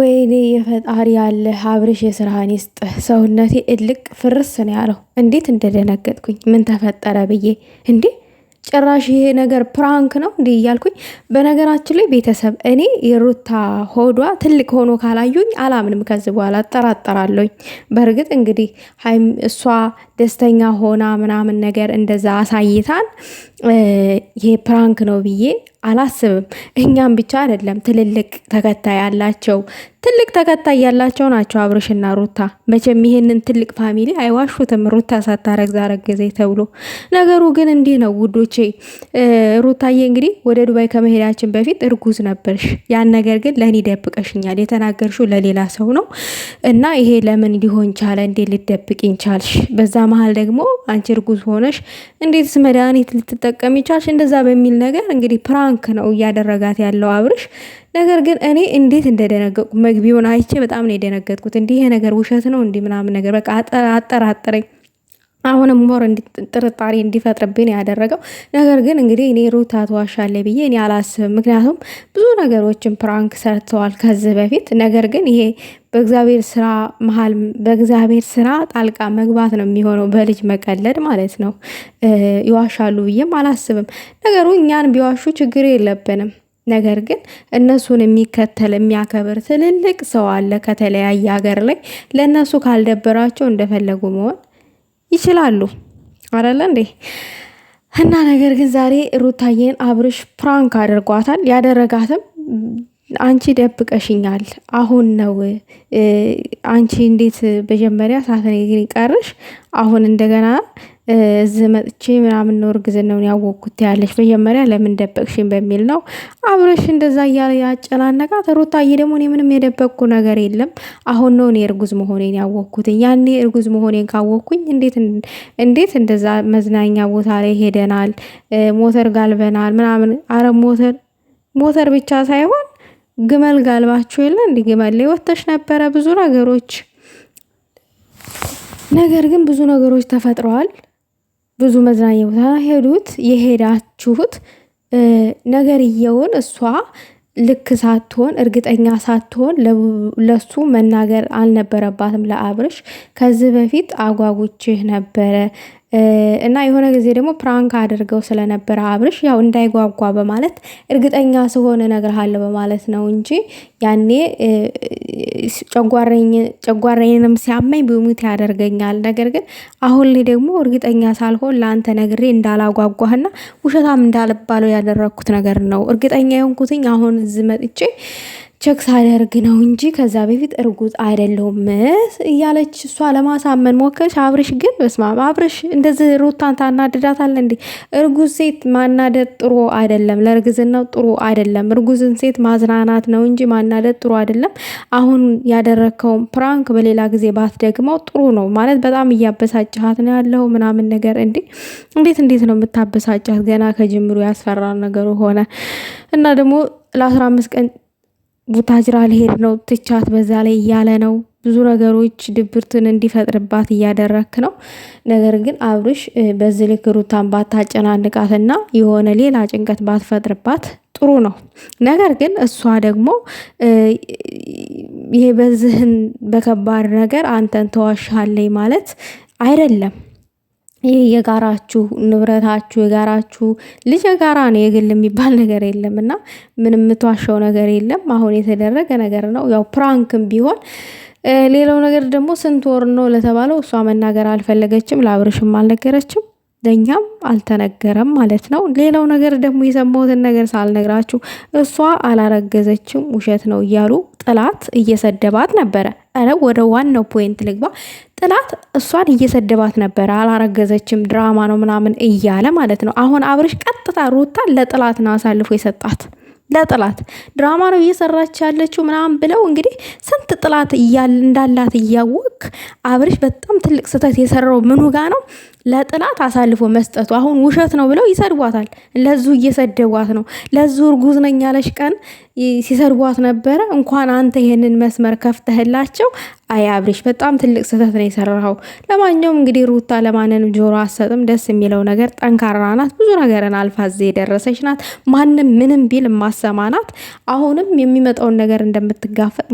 ወይኔ የፈጣሪ ያለ አብርሽ የስራህን ይስጥህ። ሰውነቴ እልቅ ፍርስ ነው ያለው። እንዴት እንደደነገጥኩኝ ምን ተፈጠረ ብዬ እንዴ ጭራሽ ይሄ ነገር ፕራንክ ነው እንዲህ እያልኩኝ። በነገራችን ላይ ቤተሰብ እኔ የሩታ ሆዷ ትልቅ ሆኖ ካላዩኝ አላምንም፣ ከዚህ በኋላ እጠራጠራለሁኝ። በእርግጥ እንግዲህ እሷ ደስተኛ ሆና ምናምን ነገር እንደዛ አሳይታን ይሄ ፕራንክ ነው ብዬ አላስብም። እኛም ብቻ አይደለም፣ ትልልቅ ተከታይ ያላቸው ትልቅ ተከታይ ያላቸው ናቸው አብርሽና ሩታ። መቼም ይህንን ትልቅ ፋሚሊ አይዋሹትም፣ ሩታ ሳታረግዝ አረገዜ ተብሎ። ነገሩ ግን እንዲህ ነው ውዶቼ። ሩታዬ እንግዲህ ወደ ዱባይ ከመሄዳችን በፊት እርጉዝ ነበርሽ። ያን ነገር ግን ለእኔ ደብቀሽኛል። የተናገርሽው ለሌላ ሰው ነው እና ይሄ ለምን ሊሆን ቻለ? እንዴት ልደብቅኝ ቻልሽ? በዛ መሀል ደግሞ አንቺ እርጉዝ ሆነሽ እንዴትስ መድኃኒት ልትጠቀሚ ቻልሽ? እንደዛ በሚል ነገር እንግዲህ ፕራንክ ፕራንክ ነው እያደረጋት ያለው አብርሽ። ነገር ግን እኔ እንዴት እንደደነገጥኩ መግቢውን አይቼ በጣም ነው የደነገጥኩት። እንዲህ ይሄ ነገር ውሸት ነው እንዲህ ምናምን ነገር በቃ አጠራጠረኝ። አሁንም ሞር ጥርጣሬ እንዲፈጥርብን ያደረገው ነገር ግን እንግዲህ እኔ ሩታ ትዋሻለች ብዬ እኔ አላስብም። ምክንያቱም ብዙ ነገሮችን ፕራንክ ሰርተዋል ከዚህ በፊት ነገር ግን ይሄ በእግዚአብሔር ስራ መሀል በእግዚአብሔር ስራ ጣልቃ መግባት ነው የሚሆነው፣ በልጅ መቀለድ ማለት ነው። ይዋሻሉ ብዬም አላስብም። ነገሩ እኛን ቢዋሹ ችግር የለብንም። ነገር ግን እነሱን የሚከተል የሚያከብር ትልልቅ ሰው አለ ከተለያየ ሀገር ላይ። ለእነሱ ካልደበራቸው እንደፈለጉ መሆን ይችላሉ አይደለ እንዴ? እና ነገር ግን ዛሬ ሩታዬን አብርሽ ፕራንክ አድርጓታል። ያደረጋትም አንቺ ደብቀሽኛል፣ አሁን ነው አንቺ እንዴት መጀመሪያ ሳትነግሪኝ ቀርሽ? አሁን እንደገና እዚህ መጥቼ ምናምን ነው እርግዝናውን ያወቅኩት ያለች መጀመሪያ ለምን ደበቅሽን በሚል ነው አብረሽ እንደዛ እያለ ያጨናነቃት። ሩታዬ ደግሞ እኔ ምንም የደበቅኩ ነገር የለም አሁን ነው እኔ እርጉዝ መሆኔን ያወቅኩትኝ። ያኔ እርጉዝ መሆኔን ካወቅኩኝ እንዴት እንደዛ መዝናኛ ቦታ ላይ ሄደናል፣ ሞተር ጋልበናል ምናምን። አረ ሞተር ሞተር ብቻ ሳይሆን ግመል ጋልባችሁ የለ እንዲ ግመል ላይ ወተሽ ነበረ ብዙ ነገሮች ነገር ግን ብዙ ነገሮች ተፈጥረዋል። ብዙ መዝናኛ ቦታ ሄዱት የሄዳችሁት ነገርየውን እሷ ልክ ሳትሆን እርግጠኛ ሳትሆን ለሱ መናገር አልነበረባትም። ለአብርሽ ከዚህ በፊት አጓጉችህ ነበረ እና የሆነ ጊዜ ደግሞ ፕራንክ አድርገው ስለነበረ አብርሽ ያው እንዳይጓጓ በማለት እርግጠኛ ስሆን እነግርሃለሁ በማለት ነው እንጂ ያኔ ጨጓራዬንም ሲያመኝ ብሙት ያደርገኛል። ነገር ግን አሁን ላይ ደግሞ እርግጠኛ ሳልሆን ለአንተ ነግሬ እንዳላጓጓህና ውሸታም እንዳልባለው ያደረግኩት ነገር ነው። እርግጠኛ የሆንኩትኝ አሁን እዚህ መጥቼ ቸክ ሳደርግ ነው እንጂ ከዛ በፊት እርጉዝ አይደለሁም እያለች እሷ ለማሳመን ሞከች። አብርሽ ግን በስማ አብርሽ እንደዚህ ሩታን ታናድዳታል እንዴ? እርጉዝ ሴት ማናደድ ጥሩ አይደለም፣ ለእርግዝናው ጥሩ አይደለም። እርጉዝን ሴት ማዝናናት ነው እንጂ ማናደድ ጥሩ አይደለም። አሁን ያደረግከውን ፕራንክ በሌላ ጊዜ ባትደግመው ጥሩ ነው። ማለት በጣም እያበሳጭሃት ነው ያለው ምናምን ነገር እንዴ! እንዴት እንዴት ነው የምታበሳጫት? ገና ከጅምሩ ያስፈራ ነገሩ ሆነ እና ደግሞ ለአስራ አምስት ቀን ቡታጅራ ልሄድ ነው ትቻት በዛ ላይ እያለ ነው ብዙ ነገሮች ድብርትን እንዲፈጥርባት እያደረክ ነው። ነገር ግን አብርሽ በዚህ ልክ ሩታን ባታጨናንቃትና የሆነ ሌላ ጭንቀት ባትፈጥርባት ጥሩ ነው። ነገር ግን እሷ ደግሞ ይሄ በዚህን በከባድ ነገር አንተን ተዋሻለይ ማለት አይደለም። ይሄ የጋራችሁ ንብረታችሁ የጋራችሁ ልጅ የጋራ ነው። የግል የሚባል ነገር የለም እና ምንም የምትዋሸው ነገር የለም። አሁን የተደረገ ነገር ነው፣ ያው ፕራንክም ቢሆን ሌላው ነገር ደግሞ ስንት ወር ነው ለተባለው እሷ መናገር አልፈለገችም፣ ለአብርሽም አልነገረችም። ለእኛም አልተነገረም ማለት ነው። ሌላው ነገር ደግሞ የሰማሁትን ነገር ሳልነግራችሁ እሷ አላረገዘችም ውሸት ነው እያሉ ጥላት እየሰደባት ነበረ። ኧረ ወደ ዋናው ፖይንት ልግባ። ጥላት እሷን እየሰደባት ነበረ። አላረገዘችም ድራማ ነው ምናምን እያለ ማለት ነው። አሁን አብርሽ ቀጥታ ሩታን ለጥላት ነው አሳልፎ የሰጣት። ለጥላት ድራማ ነው እየሰራች ያለችው ምናምን ብለው እንግዲህ ስንት ጥላት እንዳላት እያወቅ ልክ አብርሽ በጣም ትልቅ ስህተት የሰራው ምኑ ጋ ነው? ለጥላት አሳልፎ መስጠቱ። አሁን ውሸት ነው ብለው ይሰድቧታል። ለዙ እየሰደቧት ነው። ለዙ እርጉዝ ነኝ ያለሽ ቀን ሲሰድቧት ነበረ። እንኳን አንተ ይሄንን መስመር ከፍተህላቸው። አይ አብርሽ በጣም ትልቅ ስህተት ነው የሰራው ለማንኛውም እንግዲህ ሩታ ለማንንም ጆሮ አሰጥም። ደስ የሚለው ነገር ጠንካራ ናት። ብዙ ነገርን አልፋ እዚህ የደረሰች ናት። ማንም ምንም ቢል ማሰማ ናት። አሁንም የሚመጣውን ነገር እንደምትጋፈጥ